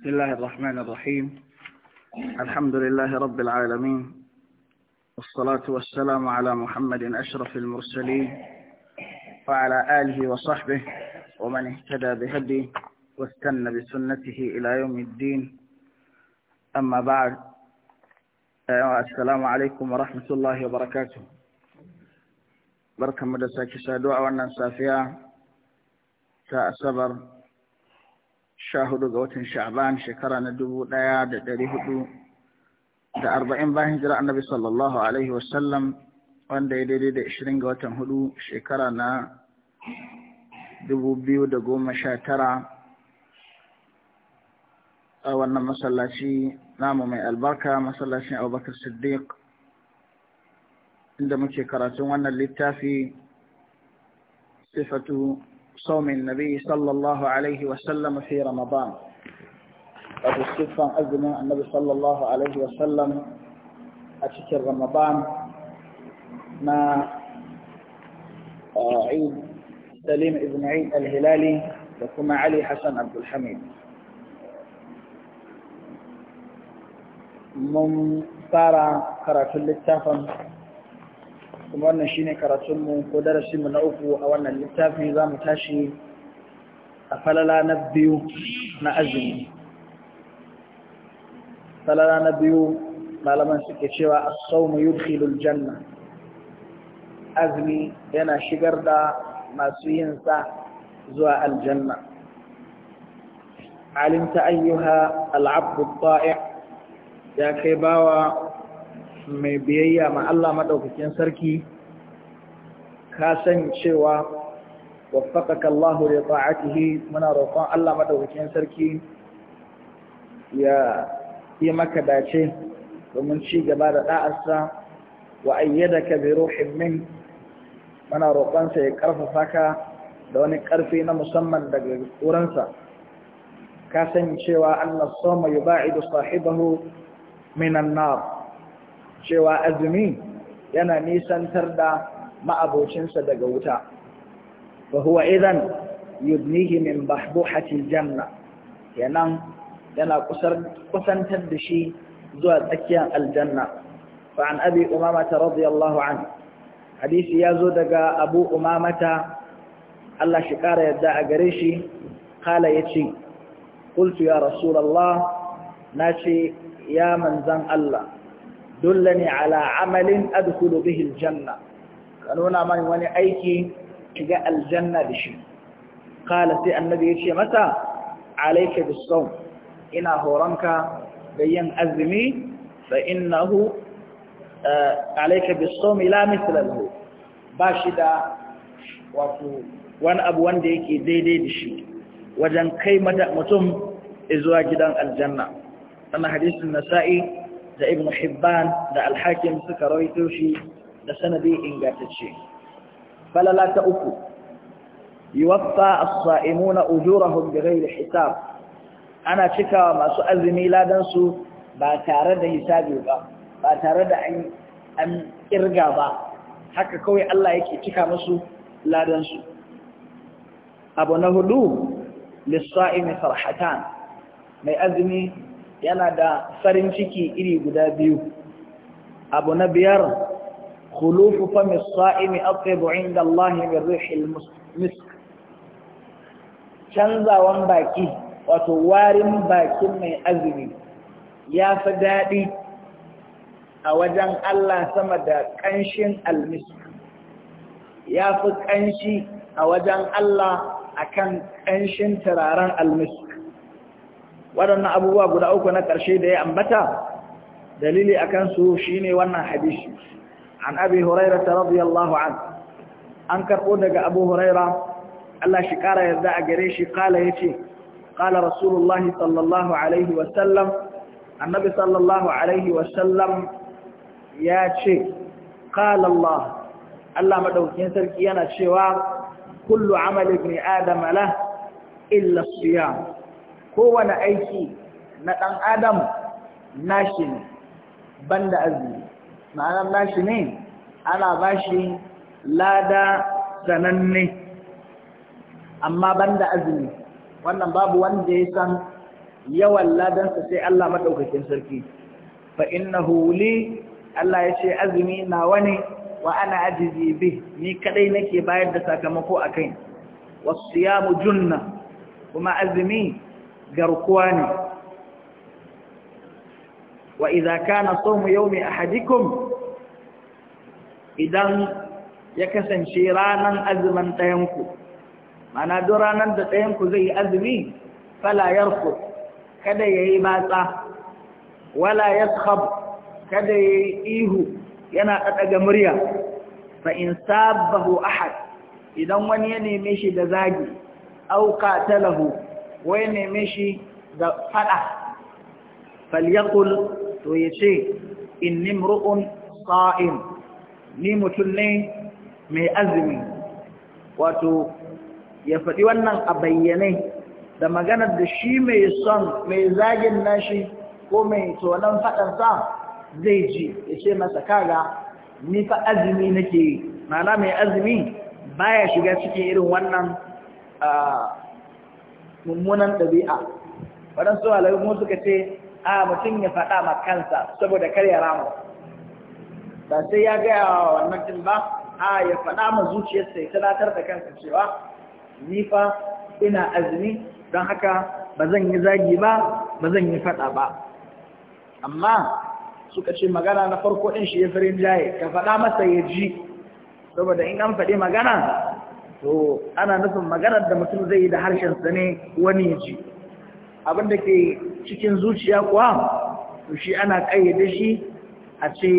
بسم الله الرحمن الرحيم الحمد لله رب العالمين والصلاة والسلام على محمد أشرف المرسلين وعلى آله وصحبه ومن اهتدى بهديه واستنى بسنته إلى يوم الدين أما بعد السلام عليكم ورحمة الله وبركاته بركة مدسة كسادوع سافيا تأسبر sha hudu ga watan sha'ban shekara na dubu ɗaya da ɗari hudu da arba'in bayan hijira annabi sallallahu alaihi wasallam wanda ya daidai da ishirin ga watan hudu shekara na dubu biyu da goma sha tara a wannan masallaci namu mai albarka masallacin abubakar siddiq inda muke karatun wannan littafi sifatu صوم النبي صلى الله عليه وسلم في رمضان أبو الصفة أذن النبي صلى الله عليه وسلم أشكر رمضان مع آه، عيد سليم ابن عيد الهلالي وكما علي حسن عبد الحميد من صار قرأت اللتافة kuma wannan ne karatunmu ko darasinmu na uku a wannan littafi za mu tashi a falala na biyu na azumi falala na biyu malaman suke cewa as-sawmu yudkhilul janna azumi yana shigar da masu yin sa zuwa aljanna alimta ayyuha al-'abdu ya kai bawa mai biyayya ma Allah maɗaukakin sarki ka san cewa waffaqaka Allah li ta'atihi muna roƙon Allah maɗaukakin sarki ya yi maka dace domin ci gaba da da'arsa wa ayyadaka bi ruhin min muna roƙonsa ya ƙarfafa ka da wani ƙarfi na musamman daga wurinsa ka san cewa Allah soma yuba'idu sahibahu minan nar cewa azumi yana nisantar da ma'abocinsa daga wuta fa huwa idan yudnihi min bahbuhati janna kenan yana kusantar da shi zuwa tsakiyar aljanna fa an abi umamata radiyallahu an hadisi ya zo daga abu umamata Allah shi kara yadda a gare shi kala ya ce قلت يا رسول الله ناشي يا من زن الله دلني على عمل أدخل به الجنة قالونا نعم، من وني أيكي تجاء الجنة بشي قال سي النبي يشي متى عليك بالصوم إنا هورنك بين أزمي فإنه آه، عليك بالصوم لا مثل له باشدا وفو وان أبو وان ديكي دي دي دشي وجن كي مدأ متم إزواجدان الجنة أنا حديث النسائي da ibn hibban da alhakim suka rawaito shi da sanadi ingantacce falala ta uku yiwaffa as na ujurahum bighayri hisab ana cikawa masu azumi ladan su ba tare da hisabi ba ba tare da an an kirga ba haka kawai Allah yake cika musu ladan su abu na hudu lis-sa'imi farhatan mai azumi yana da farin ciki iri guda biyu abu na biyar khulufu fami sa'imi atyabu inda Allah min canzawan baki wato warin bakin mai azumi ya fi daɗi a wajen Allah sama da ƙanshin almisk ya fi ƙanshi a wajen Allah akan ƙanshin turaren almisk waɗannan abubuwa guda uku na ƙarshe da ya ambata dalili a kansu shi ne wannan hadisi an abi huraira ta radiyallahu an an karɓo daga abu huraira Allah shi ƙara yarda a gare shi ƙala ya ce ƙala rasulullahi sallallahu alaihi wasallam annabi sallallahu alaihi wasallam ya ce ƙala Allah Allah maɗaukin sarki yana cewa kullu amal ibn adam lah illa siyam kowane aiki na ɗan adam nashi ne da azumi ma'anar nashi ne ana bashi lada sananne amma banda azumi wannan babu wanda ya san yawan ladansa sai Allah maɗaukakin sarki fa innahu huli. Allah ya ce azumi na wani. wa ana ajizi bi ni kadai nake bayar da sakamako akai wasu siyamu junna kuma azumi garkuwa ne wa idza kana sawmu yawmi ahadikum idan ya kasance ranan azumin ɗayanku mana duk ranar da ɗayanku zai yi azumi fala yarku kada ya yi matsa wala yaskhab kada ya yi ihu yana ɗaɗaga murya fa in sabahu ahad idan wani ya neme shi da zagi au talahu. wai neme shi da fada falyakul to ya ce inni mru'un sa'in. ni mutum ne mai azumi wato ya faɗi wannan a bayyane da maganar da shi mai son mai zagin nashi ko mai tonon faɗansa zai ji ya ce masa kaga ni fa azumi nake mana mai azumi baya shiga cikin irin wannan ah, mummunan ɗabi'a waɗansu malayu mu suka ce a mutum ya faɗa ma kansa saboda kar ya rama ba sai ya gaya wa wannan cin ba a ya faɗa ma zuciyarsa ya talatar da kansa cewa ni fa ina azumi don haka ba zan yi zagi ba ba zan yi faɗa ba amma suka ce magana na farko ɗin shi ya firin jaye ka faɗa masa ya ji saboda in an faɗi magana to ana nufin maganar da mutum zai yi da harshensa ne wani ji abin da ke cikin zuciya kuwa to shi ana kayyade shi a ce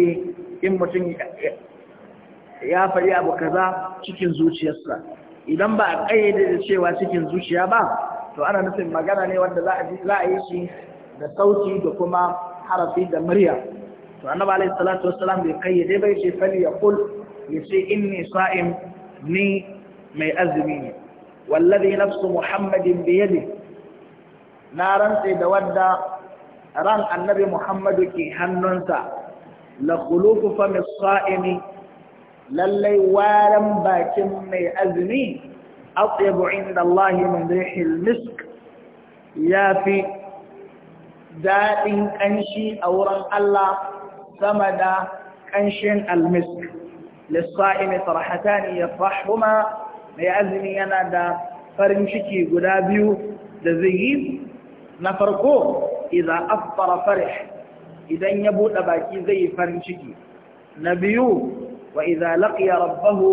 in mutum ya faɗi abu kaza cikin zuciyarsa idan ba a kayyade da cewa cikin zuciya ba to ana nufin magana ne wanda za a yi shi da sauti da kuma harafi da murya to annabi alayhi salatu wassalam bai kayyade bai ce fali yaqul yace inni sa'im ni mai azumi ne wallazi nafsu muhammadin biyadi na rantse da wadda ran annabi muhammadu ke hannunsa la khulufu fami sa'imi lallai waran bakin mai azumi atyabu inda Allah min rihil misk yafi daɗin ƙanshi a wurin Allah sama da ƙanshin almisk lissa'imi sarhatani yafrahuma mai azumi yana da farin ciki guda biyu da zai yi na farko idan afara farih idan ya buɗe baki zai yi farin ciki na biyu wa idan laqiya rabbahu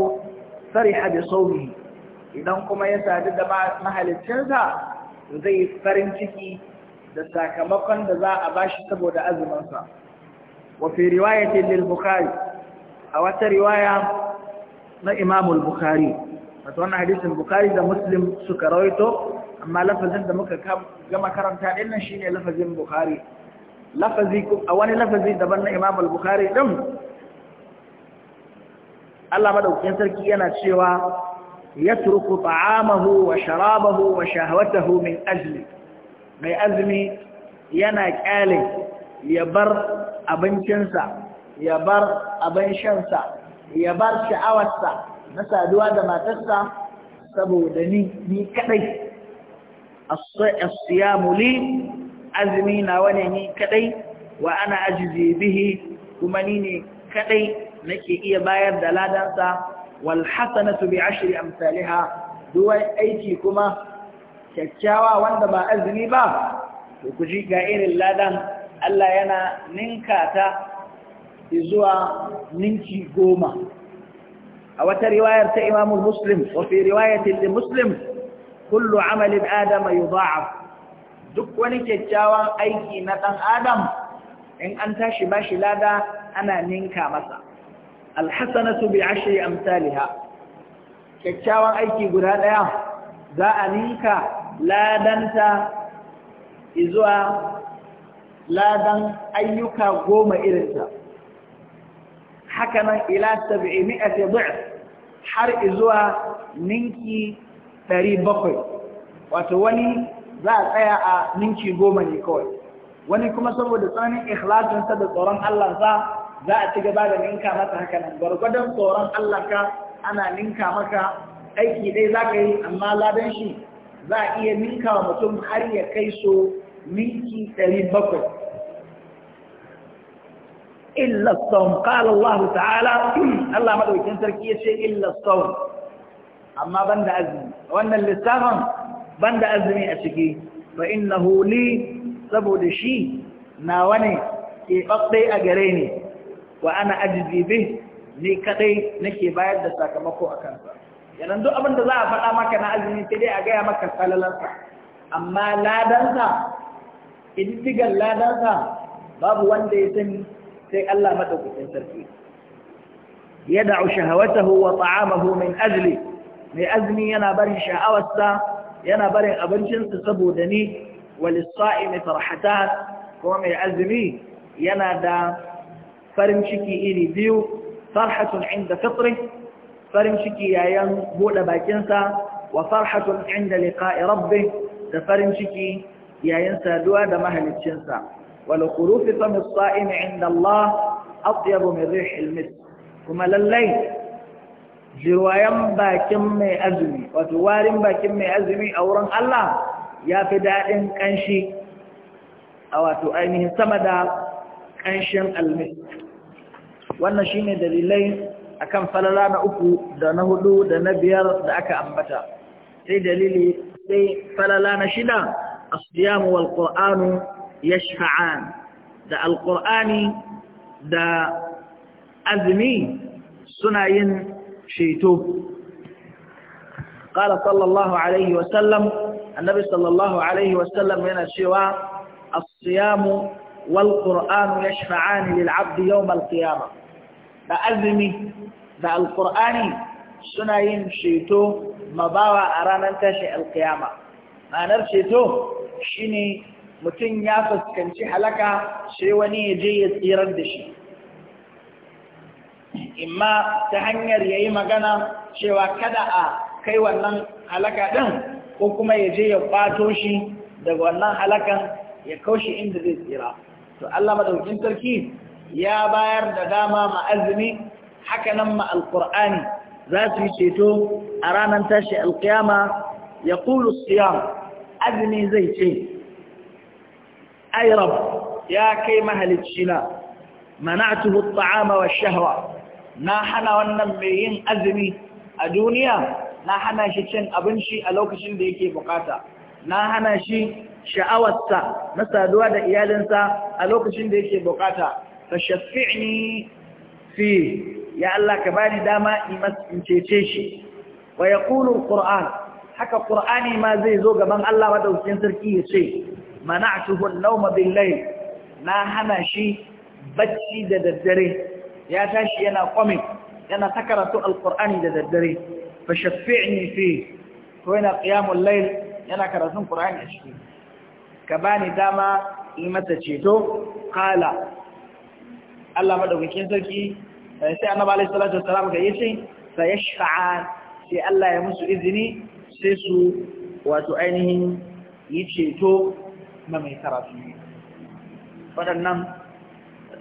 fariha bi idan kuma ya sadu da mahaliccinsa zai yi farin ciki da sakamakon da za a bashi saboda azuminsa wa fi riwayatin lil bukhari a wata riwaya na imamul bukhari wato wannan hadisin bukari da muslim suka rawaito amma lafazin da muka gama karanta din nan shine lafazin bukari lafazi a wani lafazi daban na imam al-bukhari din Allah madaukakin sarki yana cewa yatruku ta'amahu wa sharabahu wa shahwatahu min ajli mai azmi yana kyale ya bar abincinsa ya bar abin shansa ya bar sha'awarsa na saduwa da matarsa saboda ni ni kadai as-siyamu li azmi na wane ni kadai wa ana ajizi bihi kuma ni ne kadai nake iya bayar da ladansa wal hasanatu bi ashri amsalha duwai aiki kuma kyakkyawa wanda ba azumi ba to ku ji ga irin ladan Allah yana ninka ta zuwa ninki goma a wata riwayar ta Imamul Muslim Wafi fi riwayatin li Muslim kullu amali Adam yudha'af duk wani kyakkyawan aiki na ɗan Adam in an tashi bashi lada ana ninka masa alhasanatu bi ashri amsaliha kyakkyawan aiki guda ɗaya za a ninka ladanta izuwa ladan ayyuka goma irinta hakanan ila 700 ضعف har izuwa ninki ɗari bakwai wato wani za a tsaya a ninki goma ne kawai wani kuma saboda tsananin ikhlasinsa da tsoron Allah za a ci gaba da ninka masa haka nan gwargwadon tsoron Allah ka ana ninka maka aiki dai za ka yi amma ladan shi za a iya ninka wa mutum har ya kai so ninki ɗari bakwai illa saum qala Allah ta'ala Allah maɗaukin sarki ya illa saum amma da azumi wannan ban banda azumi a ciki fa innahu li saboda shi nawa ne ke a gare ni wa ana ajzi bih ni kadai nake bayar da sakamako a kansa yanan duk abin da za a faɗa maka na azumi sai dai a gaya maka salalarsa amma ladansa ƙididdigar ladansa babu wanda ya sani sai Allah madaukakin sarki da'u shahawatahu wa ta'amahu min ajli mai azmi yana barin sha'awarsa yana barin abincinsa saboda ni walisa'imi farhatan kuma mai azmi yana da farin ciki iri biyu farhatun inda fitri farin ciki yayin bude bakinsa wa farhatun inda liqa'i rabbih da farin ciki yayin saduwa da mahaliccinsa والخلوف فم الصائم عند الله أطيب من ريح المسك كما للي جوايا باكم مي أزمي وتوارم باكم مي أزمي أوران الله يا فداء كنشي أو تؤينه سمدا كنشن المسك wannan shine dalilai akan falala na uku da na hudu da na biyar da aka ambata sai dalili sai falala na shida as-siyam wal qur'anu يشفعان ده القرآني ده أذني سنين شيتو قال صلى الله عليه وسلم النبي صلى الله عليه وسلم من الشواء الصيام والقرآن يشفعان للعبد يوم القيامة ده أذني ده القرآن سنين شيتو مباوى أرانا تشيء القيامة ما نرشيتو شيني mutum ya fuskanci halaka sai wani ya je ya tsirar da shi imma ta hanyar ya yi magana cewa kada a kai wannan halaka ɗin ko kuma ya je ya ɓato shi daga wannan halakan ya kaushe inda zai tsira to Allah madaukin sarki ya bayar da dama ma azumi haka nan ma alqur'ani za su yi ceto a ranar tashi alqiyama kulu siyam azumi zai ce airab ya kai mahalicci na mana'tuhu at'ama wa shahwa na hana wannan mai yin azumi a duniya na hana shi cin abinci a lokacin da yake bukata na hana shi sha'awarsa na saduwa da iyalinsa a lokacin da yake bukata fa shafi'ni fi ya Allah ka bani dama in cece shi wa yaqulu haka qur'ani ma zai zo gaban Allah madaukakin sarki ya ce mana'atuhu an-nawma bil-layl na hana shi bacci da daddare ya tashi yana qami yana takaratu al-qur'ani da daddare fa shaffi'ni fi ko yana qiyamul layl yana karatun qur'ani a ciki ka bani dama in mata ceto qala Allah madaukakin sarki sai annabi alaihi salatu wassalam ga yace sayashfa'a sai Allah ya musu izini sai su wato ainihin yi ceto mai karatu waɗannan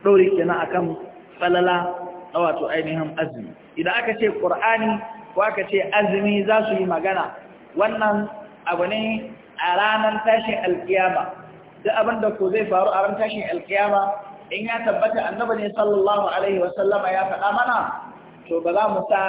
ɗori kenan akan falala na wato ainihin azumi idan aka ce ƙur'ani ko aka ce azumi za su yi magana wannan abu ne a ranar tashin alkiyama Da abin da ko zai faru a ranar tashin alkiyama in ya tabbata annaba ne sallallahu alaihi wasallama ya faɗa mana to ba za mu sa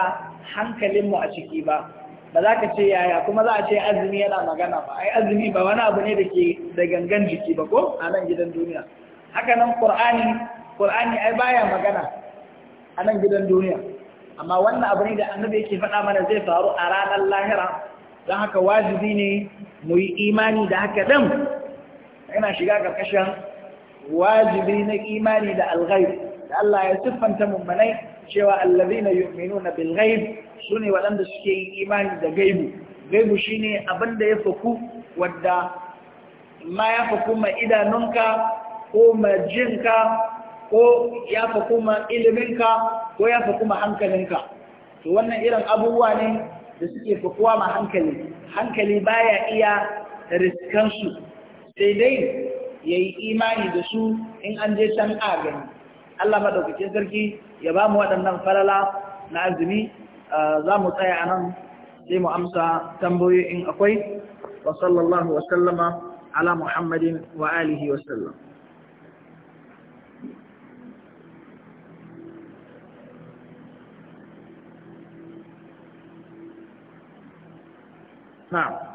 hankalinmu a ciki ba ba za ka ce yaya kuma za a ce azumi yana magana ba ai azumi ba wani abu ne da ke da gangan jiki ba ko a nan gidan duniya haka nan qur'ani qur'ani ai baya magana a nan gidan duniya amma wannan abu ne da annabi yake faɗa mana zai faru a ranar lahira don haka wajibi ne mu yi imani da haka dan? yana shiga ƙarƙashin wajibi na imani da alghaib da Allah ya siffanta mummunai cewa allazina yu'minuna bil ghaib su ne waɗanda suke yin imani da gaibu gaibu shine abin da ya faku wadda ma ya faku ma idanunka ko ma jinka ko ya faku ma iliminka ko ya faku ma hankalinka to wannan irin abubuwa ne da suke fakuwa ma hankali hankali baya iya riskansu sai dai ya yi imani da su in an je can a gani Allah maɗaukacin sarki ya ba mu waɗannan falala na azumi Ah, za mu tsaya a nan sai mu amsa tambayoyi in akwai wa sallallahu wa sallama ala muhammadin wa alihi wa sallam na'am